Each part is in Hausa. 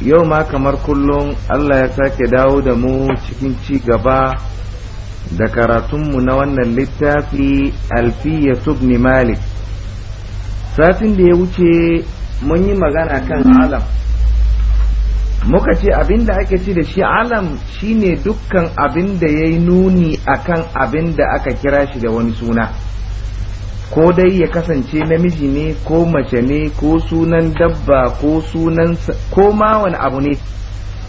yau ma kamar kullum Allah ya sake dawo da mu cikin ci gaba da karatunmu na wannan littafi alfiya subni malik satin da ya wuce mun yi magana kan alam muka ce abin da ake ci da shi alam shine dukkan abin da ya yi nuni akan abin da aka kira shi da wani suna ko dai ya kasance namiji ne ko mace ne ko sunan dabba ko sunan ko ma wani abu ne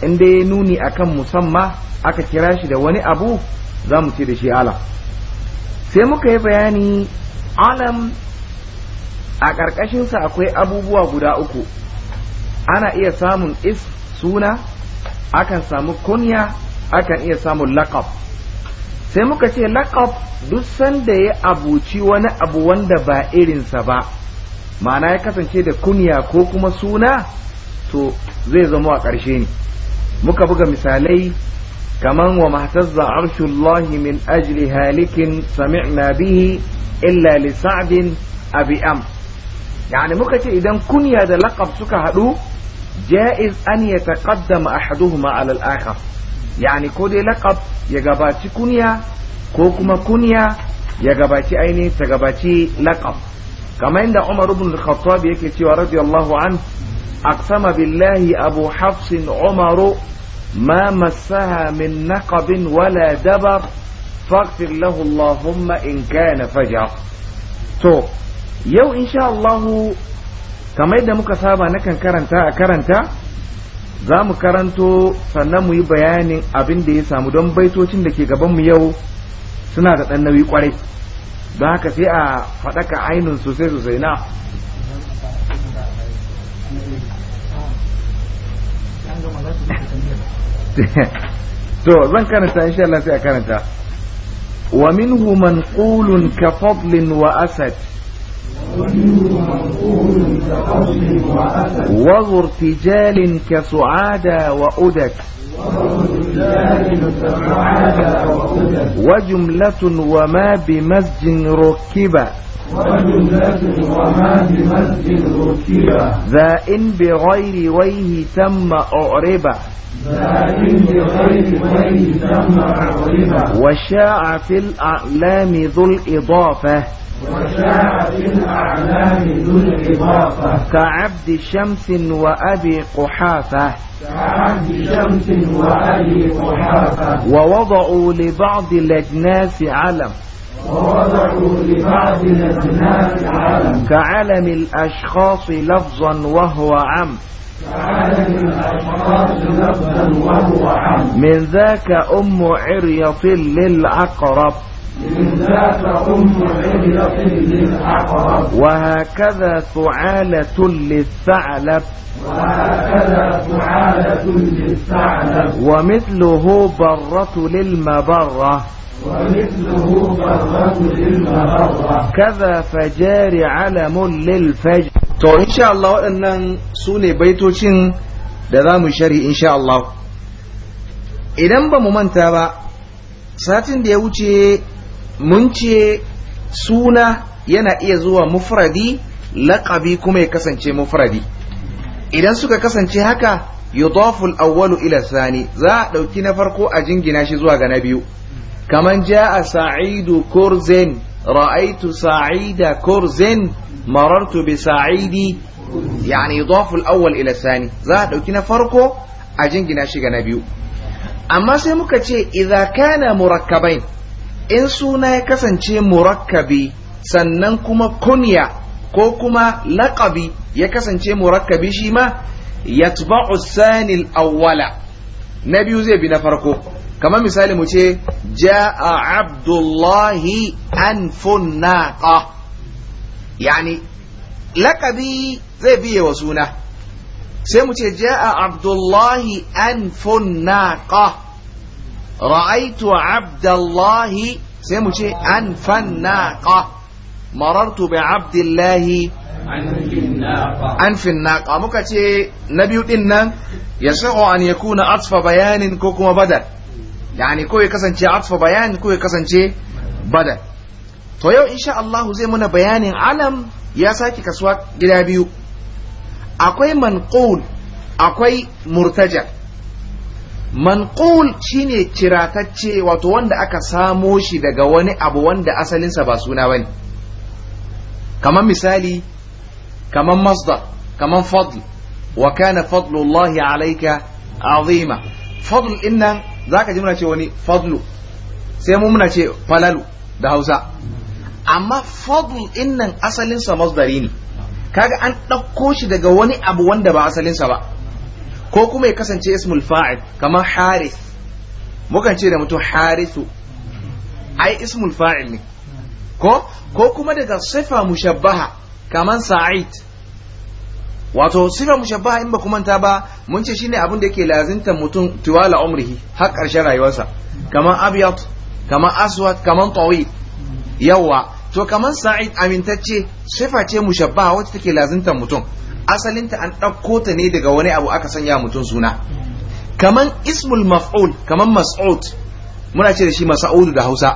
in dai ya nuni akan musamma aka kira shi da wani abu za mu ce da shi alam sai muka yi bayani alam a ƙarƙashinsa akwai abubuwa guda uku ana iya samun is suna akan samu kunya akan iya samun laƙab sai muka ce laqab duk sanda ya abuci wani abu wanda ba irinsa ba ma'ana ya kasance da kunya ko kuma suna to zai zama a ƙarshe ne muka buga misalai kaman wa mahtazza arshullahi min ajli halikin sami'na bihi illa li sa'din abi am yani muka ce idan kunya da laqab suka haɗu jaiz an yataqaddama ahaduhuma ala al-akhar yani ko dai laƙab ya gabaci kunya ko kuma kunya ya gabaci aini ta gabaci laqab kamar inda Umar ibn al-Khattab yake cewa radiyallahu an aqsama billahi Abu Hafs Umar ma massaha min naqab wala dabar faghfir lahu Allahumma in kana faja. to yau insha Allah kamar yadda muka saba nakan karanta a karanta za mu karanto sannan mu yi bayanin abin da ya samu don baitocin da ke gabanmu yau suna da ɗan nauyi kwarai don haka sai a faɗaka ainihin sosai sosai na to zan karanta insha Allah sai a karanta wa minhu manqulun ka fadlin wa asad وذو ارتجال كسعادة وأدك وجملة وما بمزج ركبة ذا إن بغير ويه تم أعربة وشاع في الأعلام ذو الإضافة وجاء الأعلام ذو الإضافة كعبد شمس وأبي قحافة كعبد شمس وأبي قحافة ووضعوا لبعض الأجناس علم ووضعوا لبعض الأجناس علم كعلم الأشخاص لفظا وهو عم من ذاك أم عريط للعقرب وهكذا سعالة للثعلب وهكذا سعالة للثعلب ومثله برة للمبرة ومثله برة للمبرة كذا فجار علم للفجر تو إن شاء الله waɗannan سوني baitocin da za mu shari شاء الله Allah idan ba mu manta ba mun ce suna yana iya zuwa mufradi laƙabi kuma ya kasance mufradi idan suka kasance haka yudoful awwalu ila sani za a ɗauki na farko a jingina shi zuwa ga na biyu kaman jaa sa'idu kurzin ra'aytu sa'ida kurzin marartu bi sa'idi yani yudafu al-awwal ila sani za a ɗauki na farko a jingina shi ga na biyu amma sai muka ce idza kana murakkabain in suna ya kasance murakkabi sannan kuma kunya ko kuma laƙabi ya kasance murakkabi shi ma ya tuba'u sanil awwala na biyu zai bi na farko kamar misali mu ce ja'a abdullahi an naqa yani laƙabi zai biye wa suna sai mu ce ja'a abdullahi an naqa ra'aitu abdallahi sai mu ce an fannaqa marartu bi Abdullahi an finnaqa muka ce na biyu din nan ya sa'o an yakuna atfa bayanin ko kuma badal yani ko ya kasance atfa bayan ko ya kasance badal to yau insha Allah zai muna bayanin alam ya saki kasuwa gida biyu akwai manqul akwai murtaja manqul shine ciratacce wato wanda aka samo shi daga wani abu wanda asalinsa ba suna bane kamar misali kaman masdar kamar fadl wa kana fadlullahi alayka azima fadl innan zaka ji muna ce wani fadlu sai mu muna ce falalu da Hausa amma fadl innan asalinsa masdari ne kaga an ɗauko shi daga wani abu wanda ba asalinsa ba ko kuma ya kasance ismul fa'il kamar harith mukan ce da mutum harithu ai ismul fa'il ne ko ko kuma daga sifa mushabbaha kamar sa'id wato sifa mushabbaha in ba kuma ta ba mun ce shine abin da yake lazimta mutum tuwala umrihi har karshen rayuwarsa kamar abyad kamar aswad kamar tawil yawa to kamar sa'id amintacce sifa ce mushabbaha wacce take lazimta mutum asalinta an ɗauko ta ne daga wani abu aka sanya mutum suna kaman ismul maf'ul kaman mas'ud muna ce da shi mas'udu da Hausa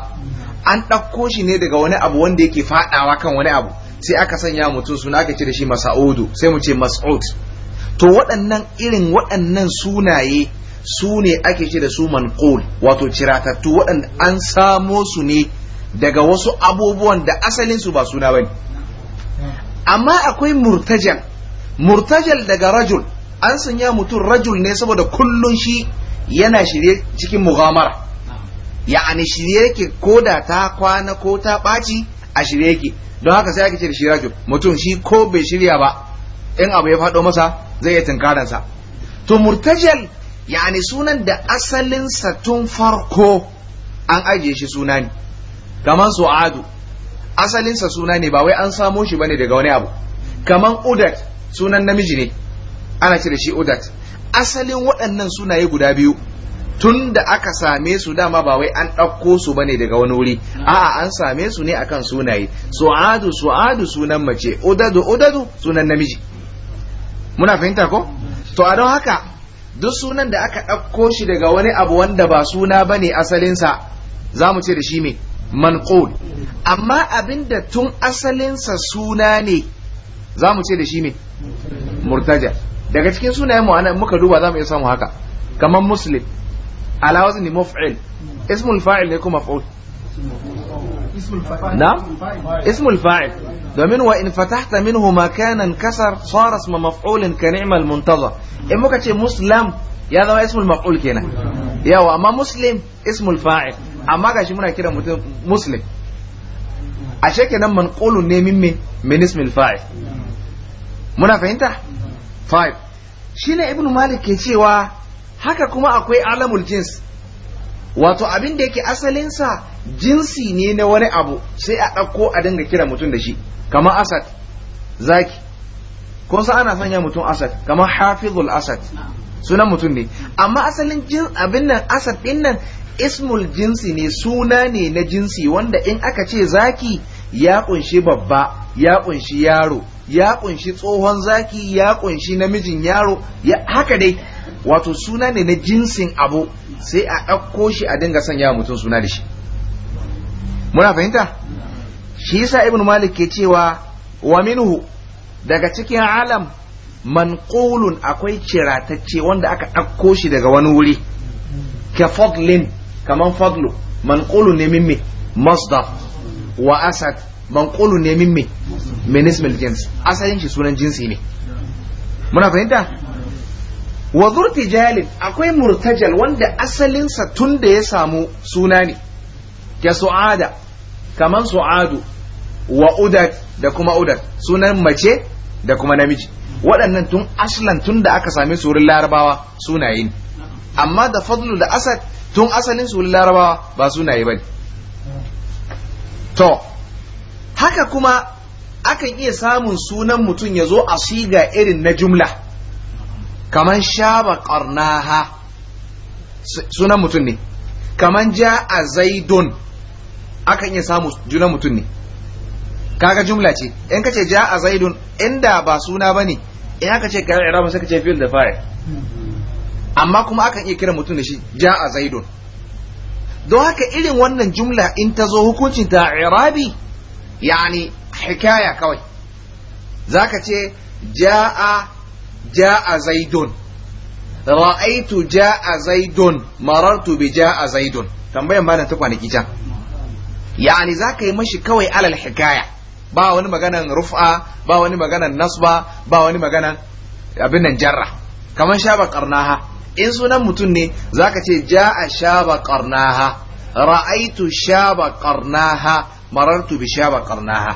an ɗauko shi ne daga wani abu wanda yake faɗawa kan wani abu sai aka sanya mutum suna aka ce da shi mas'udu sai mu ce mas'ud to waɗannan irin waɗannan sunaye su ne ake ce da su manqul wato ciratattu waɗanda an samo su ne daga wasu abubuwan da asalin su ba suna bane amma akwai murtajan murtajal daga rajul an sanya mutum rajul ne saboda kullun shi yana shirye cikin ya ya'ani shirye yake ko da ta kwana ko ta ɓaci a shirye yake don haka sai ake ce da shi rajul mutum shi ko bai shirya ba in abu ya faɗo masa zai iya tunkaransa to murtajal ya'ani sunan da asalinsa tun farko an ajiye shi suna ne kamar su'adu asalinsa suna ne ba wai an samo shi bane daga wani abu kamar udat sunan namiji ne ana ce da shi odat asalin waɗannan sunaye guda biyu tun da aka same su dama ba wai an ɗauko su ba ne daga wani wuri a'a an same su ne akan sunaye su'adu su'adu sunan mace odadu odadu sunan namiji muna fahimta ko to a don haka duk sunan da aka ɗauko shi daga wani abu wanda ba suna ba ne asalinsa za mu ce da shi me manqul amma abinda tun asalinsa suna ne za mu ce da shi ne murtaja daga cikin sunayen mu'ana muka duba za mu iya samu haka kamar muslim ala wazni muf'il ismul fa'il ne kuma maf'ul na ismul fa'il domin wa in fatahta minhu makanan kasar sara isma maf'ulin ka ni'mal muntaza. in muka ce muslim ya zama ismul maf'ul kenan yawa amma muslim ismul fa'il amma gashi muna kira mutum muslim ashe kenan manqulun ne min me min ismil fa'il muna fahimta five shine ibnu malik ke cewa haka kuma akwai alamul jins wato abin da yake asalinsa jinsi ne na wani abu sai a ɗauko a dinga kira mutum da shi kamar asad zaki kun san ana sanya mutum asad kamar hafizul asad sunan mutum ne amma asalin jin abin nan asad din nan ismul jinsi ne suna ne na jinsi wanda in aka ce zaki ya kunshi babba ya kunshi yaro ya kunshi tsohon zaki ya kunshi namijin yaro ya haka dai wato suna ne na jinsin abu sai a ɗauko shi a dinga sanya mutum suna da shi muna fahimta shi yasa ibn malik ke cewa wa minhu daga cikin alam manqulun akwai ciratacce wanda aka ɗauko shi daga wani wuri ka fadlin kaman fadlu manqulun ne mimmi masdar wa asad manqulu ne min me min jins asalin shi sunan jinsi ne muna fahimta wa Jalil akwai murtajal wanda asalinsa tun da ya samu suna ne ya su'ada kaman su'adu wa udat da kuma udat sunan mace da kuma namiji waɗannan tun aslan tun da aka same su wurin larabawa sunaye ne amma da fadlu da asad tun asalin su wurin larabawa ba sunaye bane to haka kuma akan iya samun sunan mutum ya zo a shiga irin na jumla kaman shaba ƙarnaha sunan mutum ne kaman ja a zaidun akan iya samun junan mutum ne kaga jumla ce in ka ce ja a zaidun inda ba suna ba ne in aka ce kayan irabin sai ka ce fil da fa'il hmm. amma kuma akan iya kira mutum da shi ja a zaidun don haka irin wannan jumla in ta zo hukuncin ta irabi yani hikaya kawai zaka ce ja'a ja'a zaidun ra'aitu ja'a zaidun marartu bi ja'a zaidun tambayan bana ta kwanaki can yani zaka yi mashi kawai alal hikaya ba wani maganan rufa ba wani maganan nasba ba wani maganan abin nan jarra kamar shaba karnaha in sunan mutum ne zaka ce ja'a shaba qarnaha ra'aitu shaba qarnaha marartu bi shaba qarnaha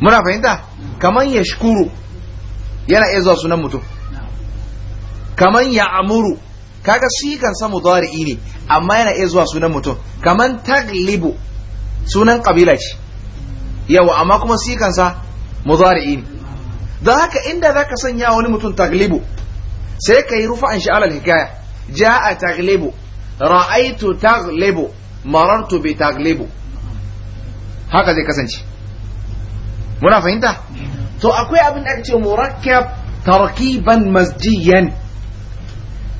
muna fahimta kaman yashkuru yana iya zuwa sunan mutum kaman ya'muru kaga shi kan sa mudari'i ne amma yana iya zuwa sunan mutum kaman taglibu sunan kabila ce yawa amma kuma shi kan sa mudari'i ne don haka inda zaka sanya wani mutum taglibu sai ka yi rufa'an sha'alar alal hikaya a taglebo ra'aitu taglebo marartu bi taglebo. haka zai kasance muna fahimta to akwai abin da ce murakkab tarkiban masjiyan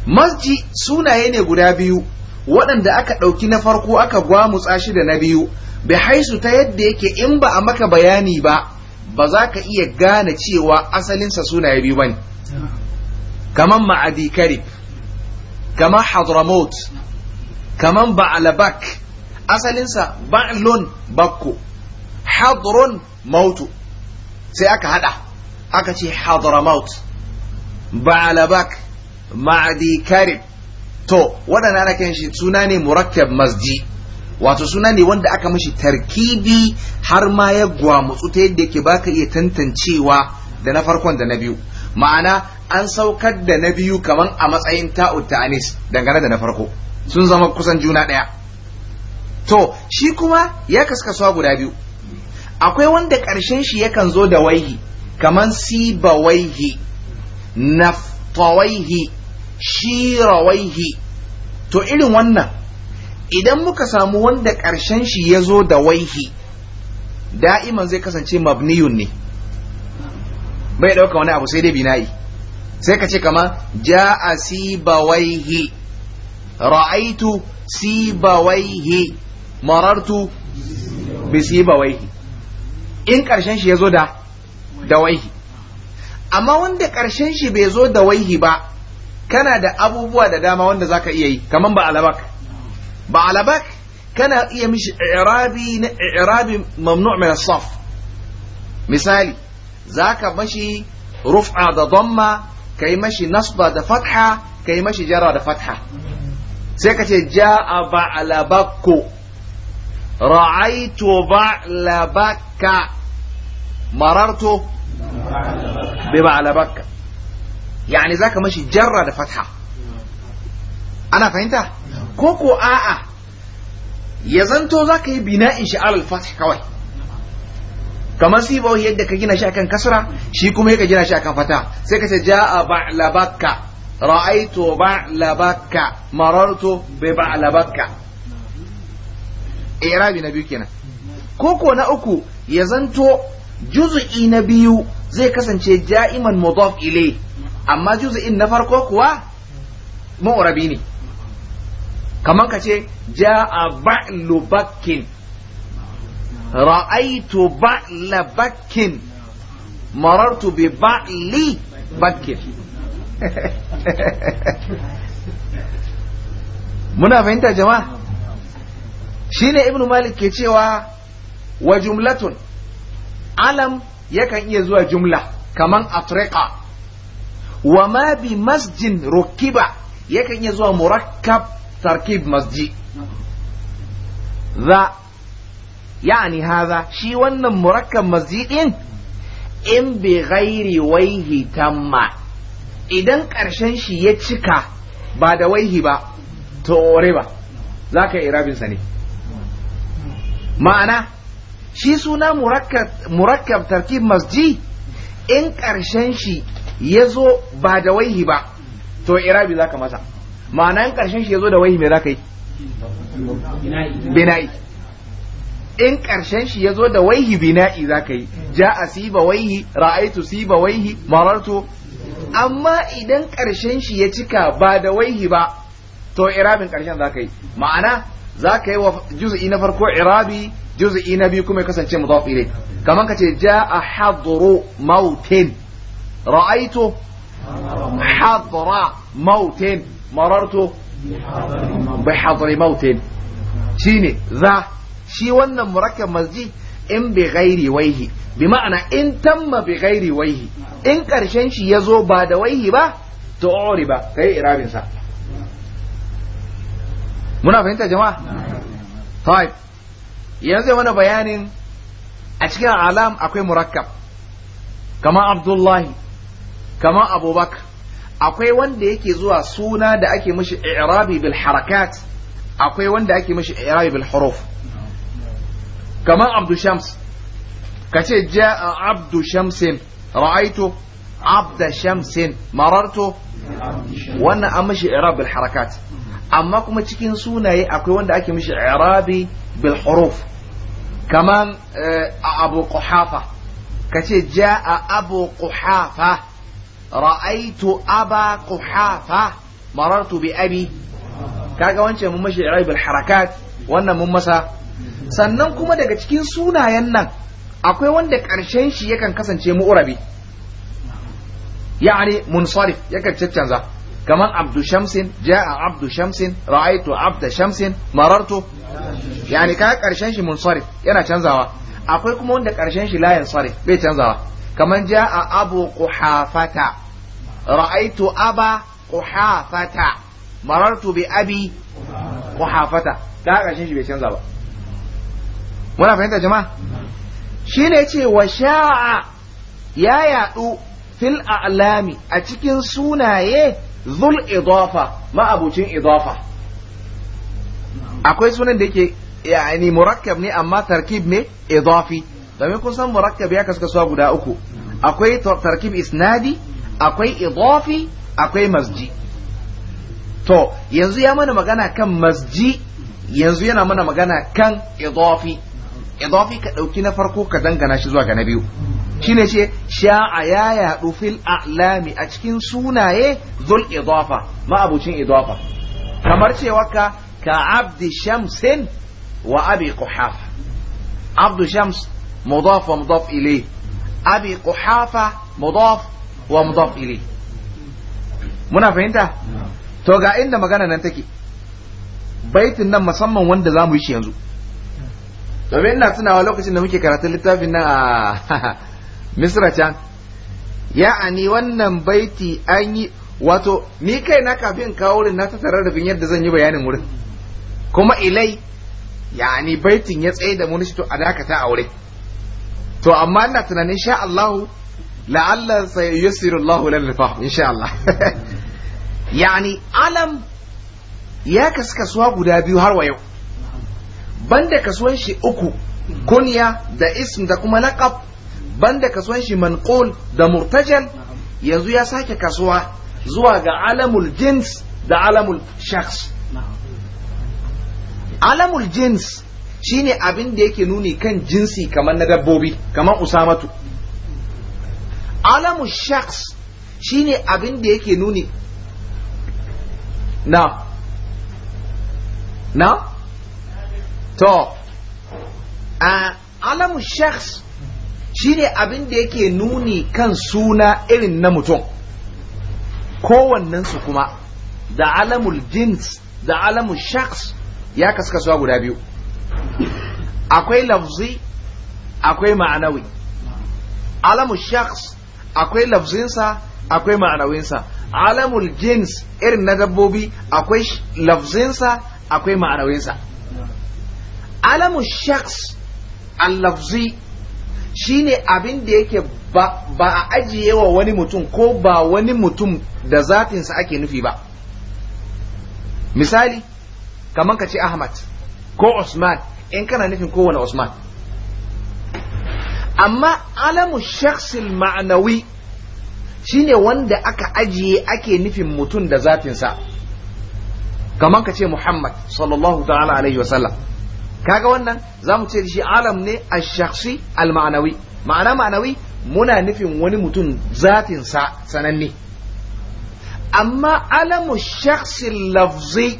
masji sunaye ne guda biyu waɗanda aka ɗauki na farko aka gwamutsa shi da na biyu bai haisu ta yadda yake in ba a maka bayani ba ba za ka iya gane cewa asalinsa sunaye biyu ba ne kaman ma'adi karib kaman hadramot kaman ba'alabak asalinsa ba'lun bakko hadrun mautu sai aka haɗa aka ce hadramaut ba'alabak ma'adi to waɗanda ana kan suna ne murakkab masji wato suna ne wanda aka mashi tarkibi har ma ya gwamutsu ta yadda yake baka iya tantancewa da na farkon da na biyu ma'ana an saukar da na biyu kaman a matsayin ta'ud anis dangane da na farko sun zama kusan juna ɗaya to shi kuma ya kaskasuwa guda biyu akwai wanda ƙarshen shi yakan zo da waihi kaman siba waihi shira shirawaihi to irin wannan idan muka samu wanda ƙarshen shi ya zo da waihi da'iman zai kasance mabniyun ne bai ɗauka wani abu sai dai bina'i sai ka ce kama ja'a sibawaihi ra'aitu sibawaihi marartu bi sibawaihi in ƙarshen shi ya zo da da waihi amma wanda ƙarshen shi bai zo da waihi ba kana da abubuwa da dama wanda zaka iya yi kaman ba alabak ba alabak kana iya mishi i'rabi na i'rabi mamnu' min as-saf misali zaka bashi ruf'a da ضمة ka yi mashi nasba da fatha ka yi mashi jara da fatha sai ka ce ja'a ba'labakko ra'aitu ba'labakka mararto bi ba'labakka yani zaka mashi jarra da fatha ana fahimta ko ko a'a ya zanto zaka yi bina in alal fath kawai kamar ba yadda ka gina shi akan kasra shi kuma yake gina shi akan fata sai ka ce ja'a ba'labakka ra'aitu ba'labakka marartu bi ba'labakka irabi eh, na biyu kenan koko na uku ya zanto juz'i na biyu zai kasance ja'iman mudaf ilay amma juz'in na farko kuwa mu'rabi ne kamar ka ce ja'a ba'lu lubakin. ra'aitu ba'la bakin marartu ba ba'li bakkin muna fahimta jama'a Shi ne ibn malik ke cewa wa jumlatun alam yakan iya zuwa jumla kaman atriqa wa ma bi masjin rukiba yakan iya zuwa murakkab tarkib masji za ya'ani haza shi wannan murakkab mazidin in bi ghairi waihi tamma idan ƙarshen shi ya cika ba da waihi ba to ba za ka sa ne ma'ana shi suna murakkab tarkib masji in ƙarshen shi ya zo ba da waihi ba to irabi za ka masa ma'ana in ƙarshen shi ya zo da waihi me za ka yi bina'i in ƙarshen shi ya zo da waihi bina'i za ka yi ja a siba waihi ra'aitu siba waihi marartu amma idan ƙarshen shi ya cika ba da waihi ba to irabin ƙarshen za ka yi ma'ana za ka yi wa juz'i na farko irabi juz'i na biyu kuma ya kasance mudaf ilayk Kamar ka ce ja a hadru mautin ra'aitu hadra mautin marartu Bai hadri mautin shine za shi wannan murakkab masji in bi ghairi waihi bi ma'ana in tamma bi ghairi waihi in karshen shi yazo ba da waihi ba to ba. kai irabin sa muna fahimta jama'a طيب yanzu wani bayanin a cikin alam akwai murakkab kama abdullahi kama abubakar akwai wanda yake zuwa suna da ake mishi i'rabi bil harakat akwai wanda ake mishi i'rabi bil huruf kamar abdu shams ka ce ja'a amma kuma cikin sunaye akwai wanda ake mishi i'rabi kace eh, jaa abu quhafa ra'aitu aba quhafa marartu kaga sannan kuma daga cikin sunayen nan akwai wanda ƙarshen shi yakan kasance mu'urabi yani munsarif yakan caccanza kamar abdu shamsin ja'a abdu shamsin ra'aitu abda shamsin marartu yani ka ƙarshen shi munsarif yana canzawa akwai kuma wanda ƙarshen shi layin sarif bai canzawa kamar ja'a abu quhafata ra'aitu aba quhafata marartu bi abi quhafata ka ƙarshen shi bai canza ba muna fahimta jama'a shine ce wa sha'a ya yadu fil a'lami a cikin sunaye zul idafa ma'abucin idafa akwai sunan da yake yani murakkab ne amma tarkib ne idafi domin kun san murakkab ya kaskasuwa guda uku akwai tarkib isnadi akwai idafi akwai masji to yanzu ya mana magana kan masji yanzu yana mana magana kan idafi idafi ka dauki na farko ka dangana shi zuwa ga na biyu shine ce sha'a ya yadu fil a'lami a cikin sunaye zul idafa ma'abucin idafa kamar cewa ka ka abdi shamsin wa abi quhafa abdu shams mudaf wa mudaf ilayh abi quhafa mudaf wa mudaf ilayh muna fahimta to ga inda magana nan take baitin nan musamman wanda zamu yi shi yanzu domin ina tunawa lokacin da muke karatun littafin nan a misra can ya'ani wannan baiti an yi wato ni kai na kafin kawo wurin na ta binyar yadda zan yi bayanin wurin kuma ilai ya'ani baitin ya tsaye da mu to a dakata a to amma ina tunanin sha Allahu la'alla sai yusiru Allahu lil fahm insha Allah yani alam ya kaskasuwa guda biyu har wa yau banda kasuwan shi uku kunya da ism da kuma laqab banda kasuwan shi manqul da murtajal yanzu ya sake kasuwa zuwa ga alamul jins da alamul shakhs alamul jins shine abin da yake nuni kan jinsi kamar na dabbobi kamar usamatu alamul shakhs shine abin da yake nuni na na to a alamu shi shine abin da yake nuni kan suna irin na mutum kowannensu kuma da alamul jins da alamul shakhs ya kaskasuwa guda biyu akwai lafzi akwai ma'anawi alamul shakhs akwai lafzinsa akwai ma'anawinsa alamul jins irin na dabbobi akwai lafzinsa akwai ma'anawinsa alamun shaks allafzi shine abin da yake ba a ajiye wa wani mutum ko ba wani mutum da zatinsa ake nufi ba misali kamar ka ce ahmad ko Osman, in kana nufin kowane Osman. amma alamun shaksil ma'anawi shine wanda aka ajiye ake nufin mutum da zatinsa kamar ka ce muhammad sallallahu ta'ala alaihi wasallam kaga wannan za mu ce shi alam ne a shakhsi al ma'ana ma'anawi muna nufin wani mutum sa sananne amma alamu shakhsi lafzi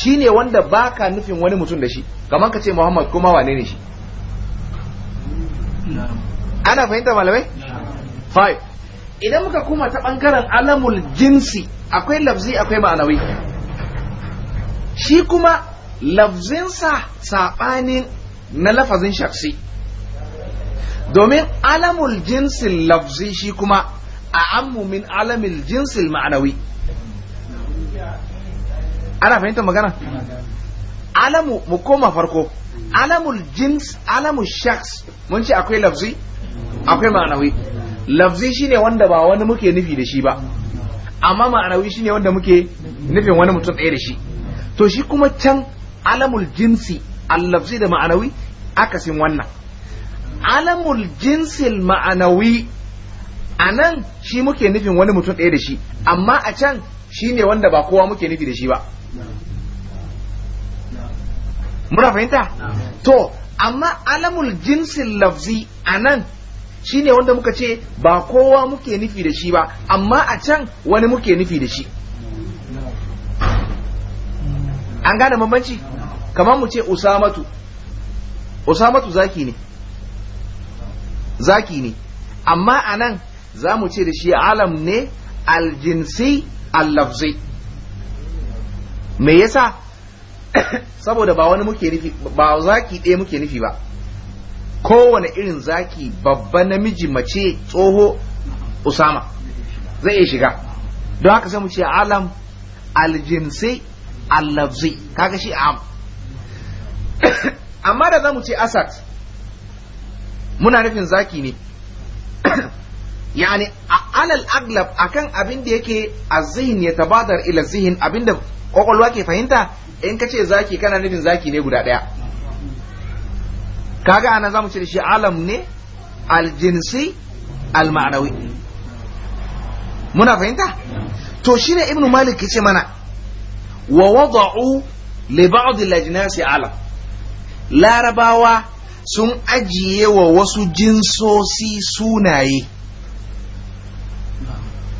shine wanda baka nufin wani mutum da shi kamar ka ce muhammad kuma wane ne shi ana fahimta malamai five idan muka kuma ta bangaren alamul jinsi akwai lafzi akwai ma'anawi shi kuma lafzinsa saɓanin na lafazin shaksi domin alamul jinsin lafzi shi kuma a ammu min alamul jinsin ma'anawi ana fahimtar magana alamu mu koma farko alamul jins alamul shaks mun ce akwai lafzi akwai ma'anawi lafzi shine wanda ba wani muke nufi da shi ba amma ma'anawi shine wanda muke nufin wani mutum ɗaya da shi to shi kuma can alamul jinsi allafzi da ma'anawi akasin wannan alamul jinsil ma'anawi a nan shi muke nufin wani mutum ɗaya da shi amma a can shi ne wanda ba kowa muke nufi da shi ba muna fahimta to amma alamul jinsin lafzi a nan shi ne wanda muka ce ba kowa muke nufi da shi ba amma a can wani muke nufi da shi an gane bambanci kamar mu ce usamatu usamatu zaki ne zaki ne amma a nan za mu ce da shi alam ne aljinsi allafzai me yasa saboda ba wani muke nufi ba zaki ɗaya muke nufi ba kowane irin zaki babba namiji mace tsoho usama zai iya shiga don haka sai mu ce alam aljinsi allafzi kaga shi am amma da zamu ce asad muna nufin zaki ne yani alal aglab akan abin da yake azhin ya tabadar ila zihin abinda kwakwalwa ke fahimta in ka ce zaki kana nufin zaki ne guda daya kaga ana zamu ce da shi alam ne aljinsi alma'anawi muna fahimta to shine ibnu malik yace mana wa wada'u li ba'd al-ajnas alam larabawa sun ajiye wa wasu jinsosi sunaye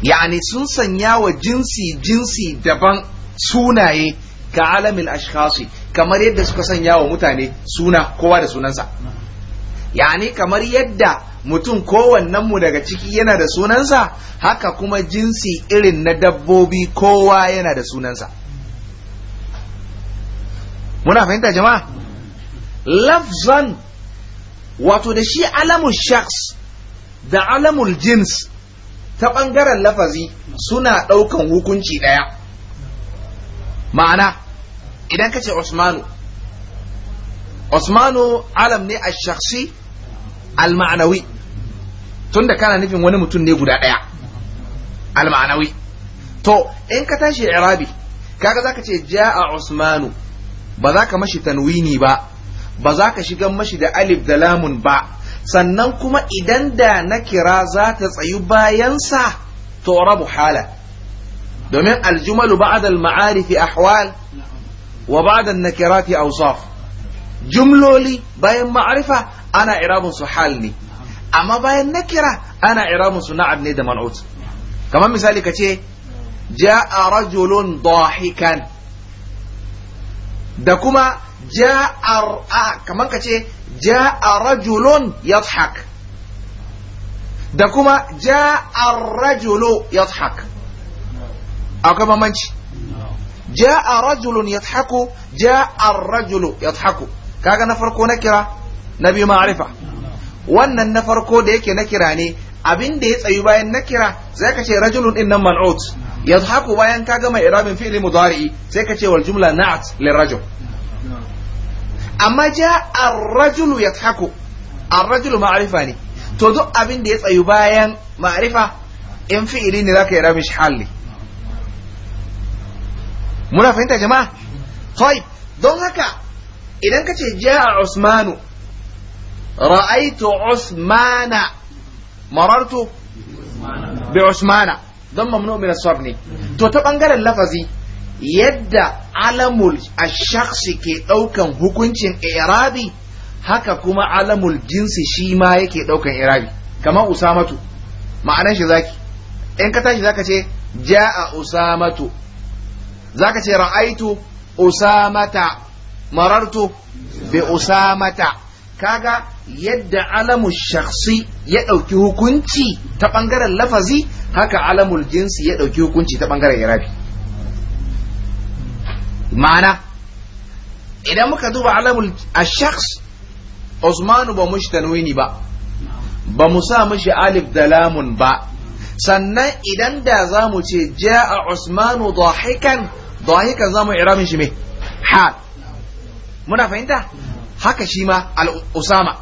yani sun sanya wa jinsi jinsi daban sunaye ga alamin ashkhasi kamar yadda suka sanya wa mutane suna kowa da sunansa yani kamar yadda mutum kowannenmu daga ciki yana da sunansa haka kuma jinsi irin na dabbobi kowa yana da sunansa muna fahimta jama'a lafzan wato da shi alamun shaks da alamun jins ta ɓangaren lafazi suna ɗaukan hukunci ɗaya ma'ana idan kace ce usmanu usmanu alam ne a shaksi al-ma'anawi tunda kana nufin wani mutum ne guda ɗaya al to in ka tashi irabi kaga zaka ce ja a usmanu ba za ka mashi tanwini ba ba za ka shigan mashi da alif da lamun ba sannan kuma idan da na kira za ta tsayu bayansa to rabu hala domin aljumalu ba'da al-ma'arifi ahwal wa ba'da an-nakirati awsaf jumloli bayan ma'arifa ana irabun su hal ne amma bayan nakira ana irabun su na'ab ne da man'ut kamar misali kace ja'a rajulun dahikan da kuma a kamar ka ce ja'ar rajulun yadhhak da kuma ja'a rajulu yadhhak akwai bambanci ja'ar rajulun yadhaku ja'a rajulu yadhaku kaga na farko na kira na biyu ma'arifa wannan na farko da yake na kira ne abin da ya tsayu bayan na kira zai ka ce rajulun din nan man'ut يضحك بيان كاغا ما إرام في المضارئ سيكتي والجملة نعت للرجل أما جاء الرجل يضحك الرجل معرفاني تدو أبن ديت أيبايان معرفة إن في إليني ذاك إرامش حالي يا جماعه طيب دون هكا إذا كتي جاء عثمان رأيت عثمان مررت بعثمان don mamnu min ne to ta bangaren lafazi yadda alamul a shakhsi ke daukan hukuncin i'rabi haka kuma alamul jinsi shi ma yake daukan i'rabi Kamar usamatu ma'anan shi zaki in ka tashi zaka ce ja'a usamatu zaka ce ra'aitu usamata marartu bi usamata kaga yadda alamu shakhsi ya ɗauki hukunci ta ɓangaren lafazi haka alamul jinsi ya ɗauki hukunci ta ɓangaren irabi ma'ana idan muka duba alamul a shakhs usmanu ba mushi tanwini ba ba mu sa mushi alif da lamun ba sannan idan da za mu ce a usmanu dahikan dahikan za mu iramin shi me Ha, muna fahimta haka shi ma al-usama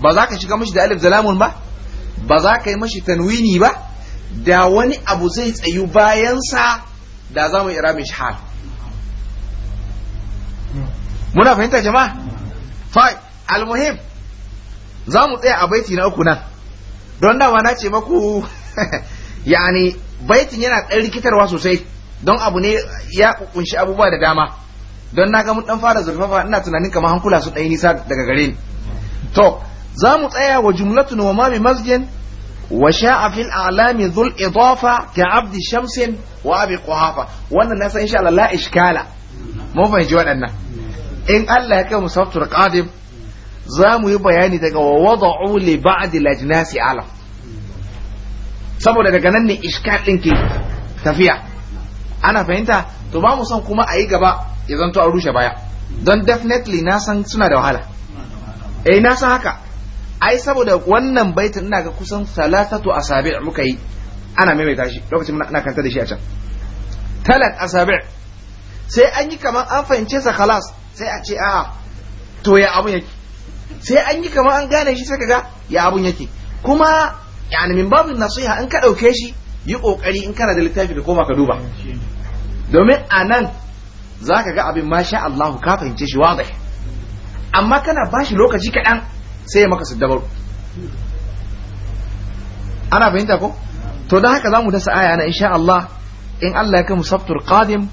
ba za ka shiga mashi da alif da ba ba za ka yi mashi tanwini ba da wani abu zai tsayu bayansa da za mu ira shi hal muna fahimta jama'a al almuhim za mu tsaya a baiti na uku nan don dama na ce maku yani baitin yana ɗan rikitarwa sosai don abu ne ya ƙunshi abubuwa da dama don na ga mun dan fara zurfafa ina tunanin kamar hankula su ɗaya nisa daga gare ni to za mu tsaya wa jumlatun wa mami masjin wa sha'a fil a'lami dhul idafa ka abdi shamsin wa abi quhafa wannan na san insha Allah la iskala mun fahimci waɗannan in Allah ya kai mu saftur qadim za mu yi bayani daga wa wada'u li ba'd lajnasi alam saboda daga nan ne iskal ɗin ke tafiya ana fahimta to ba mu son kuma a yi gaba ya zanto an rushe baya don definitely na san suna da wahala eh na san haka ai saboda wannan baitin ina ga kusan salasatu asabi muka yi ana maimaita shi lokacin muna kanta da shi a can talat asabi sai an yi kamar an fahimce sa khalas sai a ce a to ya abun yake sai an yi kamar an gane shi sai kaga ya abun yake kuma yani min babu nasiha in ka dauke shi yi kokari in kana da littafi ka koma ka duba domin a nan za ka ga abin masha Allah ka fahimce shi wadai amma kana ba shi lokaci kaɗan sai ya maka siddabaru ana fahimta ko to da haka za mu dasa aya na insha Allah in Allah ya kai mu sabtur qadim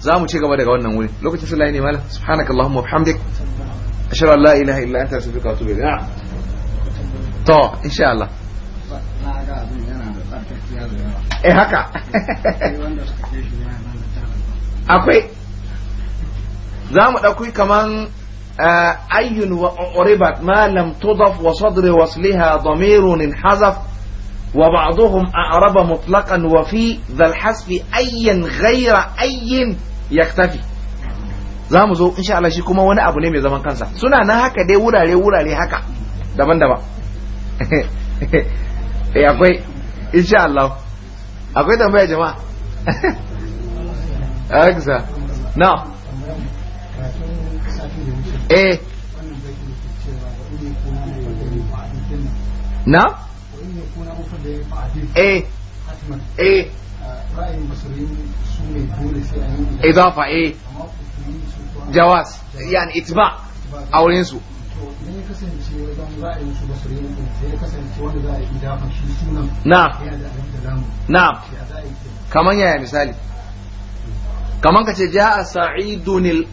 za mu ci gaba daga wannan wuri lokacin sallah ne malam subhanakallahumma wa bihamdik ashhadu an la ilaha illa anta astaghfiruka wa atubu ilayk to insha Allah eh haka akwai za mu ɗauki kaman eh, ayyun wa uribat ma lam tudaf wa sadri wasliha damirun hazaf wa ba'dhum a'raba mutlaqan wa fi dhal hasfi ayyan ghayra ayyin yaktafi za mu zo insha Allah shi kuma wani abu ne mai zaman kansa suna nan haka dai wurare wurare haka daban-daban eh akwai insha Allah akwai tambaya jama'a Alexa now eh na eh eh idafa eh jawas yani itba auren su na na kaman yaya misali kamar ka ce ja'a sa'idun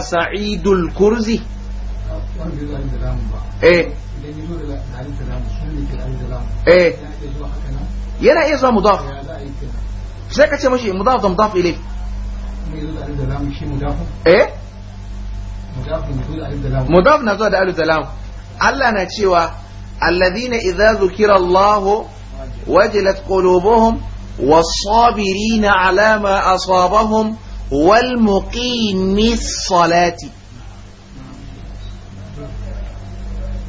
sa'idul kurzi eh. eh yana iya zuwa mudaf sai ka ce mashi mudaf da mudaf ilai eh mudaf na zuwa da alif da lam Allah na cewa alladhina idza zukira Allah wajilat qulubuhum والصابرين على ما أصابهم والمقيم الصلاة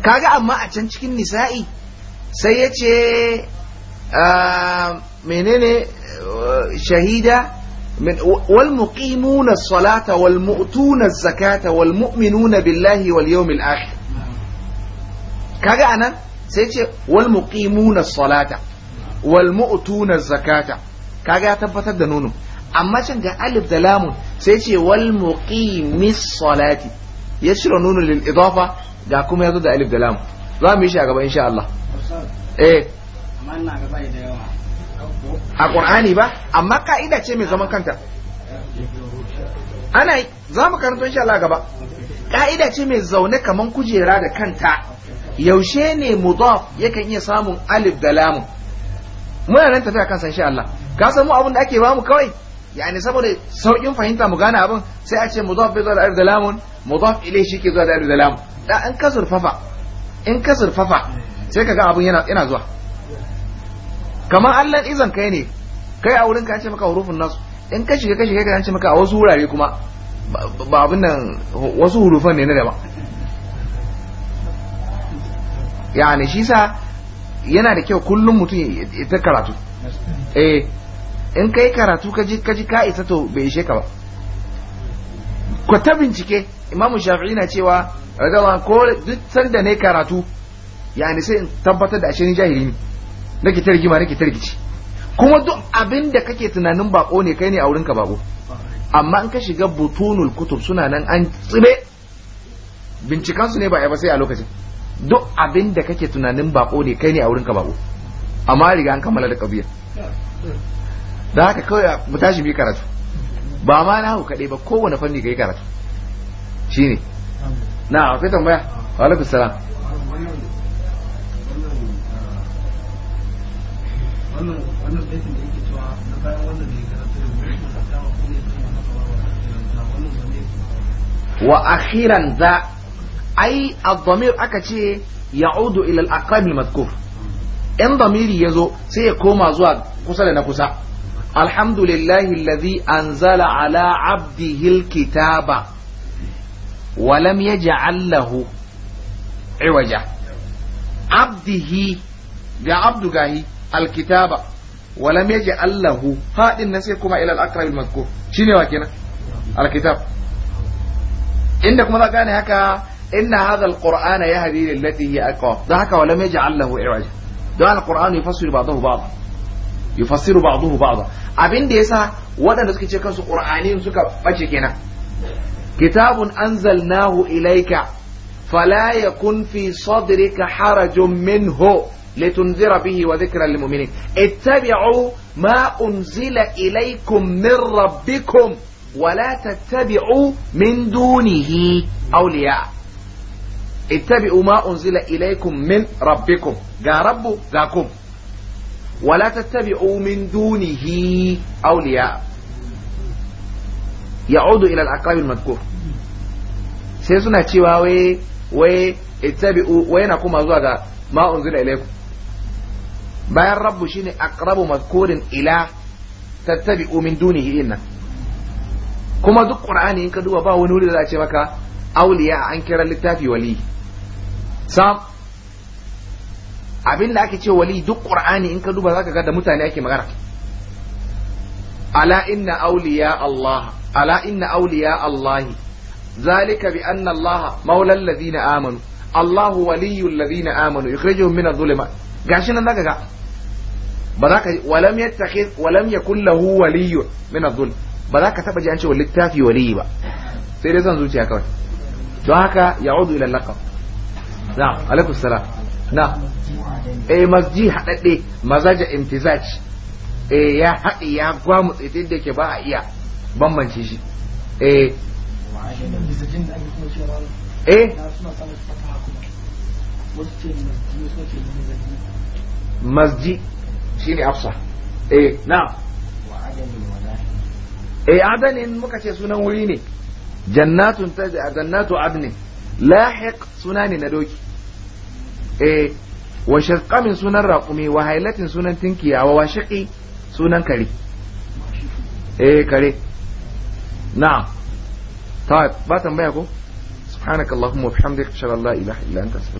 كاجا أما أتنشك النساء cikin nisa'i sai شهيدة والمقيمون الصلاة والمؤتون الزكاة والمؤمنون بالله واليوم الآخر كاجا أنا سيتي والمقيمون الصلاة wal mu'tuna zakata kaga ya tabbatar da nunu amma can ga alif da lamun sai ce wal muqimis salati ya cire nunu lil idafa ga kuma yazo da alif da lamun za mu yi shi a gaba insha Allah eh amma ina ga da yawa a qur'ani ba amma ka'ida ce mai zaman kanta ana za mu karanto insha Allah gaba ka'ida ce mai zaune kaman kujera da kanta yaushe ne mudaf yakan iya samun alif da lamun muna nan tafiya san insha Allah ka san mu abin da ake bamu kawai yani saboda saukin fahimta mu gane abin sai a ce mudaf bi zuwa da lamun mudaf ilai shi ke zuwa da da lamun da in ka zurfafa in ka zurfafa sai ka ga abin yana yana zuwa kamar Allah izan kai ne kai a wurin ka ce maka hurufun nasu in ka shiga ka shiga ka ce maka a wasu wurare kuma ba abin nan wasu hurufan ne na daban yani shi sa yana da kyau kullum mutum ya ta karatu eh in kai karatu ka ji ka ji ka isa to bai ishe ka ba ku ta bincike imamu shafi'i na cewa radawa ko duk sanda ne karatu yani sai in tabbatar da ashe ni jahili ne nake ta rigima nake ta rigici kuma duk abin da kake tunanin bako ne kai ne a wurin ka bako amma in ka shiga butunul kutub suna nan an tsibe bincikansu ne ba a ba sai a lokacin duk abin da kake tunanin bako ne kai ne a wurin ka bako amma riga an kammala da kabiya da haka kawai mu tashi bi karatu ba ma na hau kaɗai ba kowane fanni ka yi karatu shine na akwai tambaya wa alaikum salam wannan na bayan da ya wa akhiran za ai ad-damir aka ce ya'udu ila al-aqrab al-madhkur in damiri yazo sai ya koma zuwa kusa da na kusa alhamdulillahi alladhi anzala ala abdihi al-kitaba wa lam yaj'al lahu iwaja abdihi ga abdu gahi alkitaba wa lam yaj'al Allahu fadin na sai kuma ila al-aqrab al-madhkur shine wa kenan alkitab inda kuma za gane haka إن هذا القرآن يهدي للتي هي أقوى ضحك ولم يجعل له إعوجا ده القرآن يفسر بعضه بعضا يفسر بعضه بعضا أبين ديسا yasa نسكي تشكس ce kansu بشكنا كتاب أنزلناه إليك فلا يكن في صدرك حرج منه لتنذر به وذكرا للمؤمنين اتبعوا ما أنزل إليكم من ربكم ولا تتبعوا من دونه أولياء ittabi'u ma unzila ilaykum min rabbikum ga rabbu ga kum wala tattabi'u min dunihi awliya ya'udu ila al-aqrab al sai suna cewa wai wai na kuma zuwa ga ma unzila bayan rabbu shine aqrabu madhkurin ila tattabi'u min dunihi inna kuma duk ƙur'ani in ka duba ba wani wuri da a ce maka auliya an kira littafi wali sam abin da ake ce wali duk qur'ani in ka duba zaka ga da mutane ake magana ala inna awliya Allah ala inna awliya Allah zalika bi anna Allah maula alladhina amanu Allah waliyul ladhina amanu yukhrijuhum min adh-dhulumat gashi nan zaka ga ba za ka walam yattakhid walam yakul lahu waliy min adh-dhulm ba za ka taba ji an ce littafi waliyi ba sai dai san zuciya kawai To haka ya'udu ila laqab na alaikum salam na eh masji haɗaɗɗe mazaja imtizaj eh ya haɗe ya gwamu tsitin da ke ba a iya bambance shi eh eh masji shi ne afsa eh na eh adanin muka ce sunan wuri ne jannatun ta jannatu adnin lahiq suna ne na doki washe wa sunan raqumi wa hailatin sunan tinkiya wa washiqi sunan kare eh kare na'am طيب باتن بيكو سبحانك اللهم وبحمدك اشهد ان لا اله الا انت